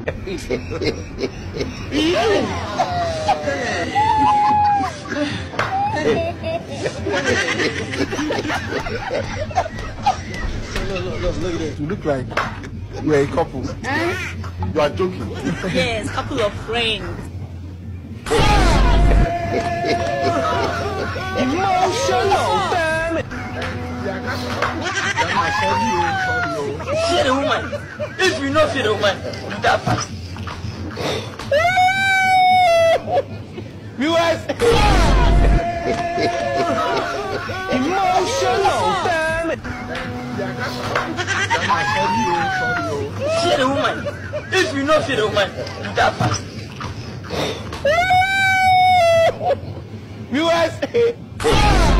look, look, look, look at this. You look like we're a couple. Huh? You are joking. yes, couple of friends. Emotional, damn I oh, you, oh. fear the woman. If you know fear the woman, do that fast. viewers. Emotional. oh, tell oh. fear the woman. If you know fear the woman, do that fast. viewers.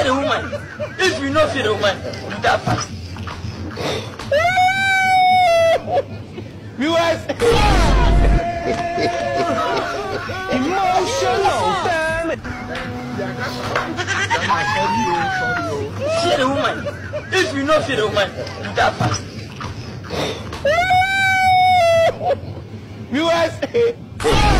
fear the woman. If you not fear the woman, you die fast. viewers. emotional damage. fear the woman. If you not fear the woman, you die fast. viewers.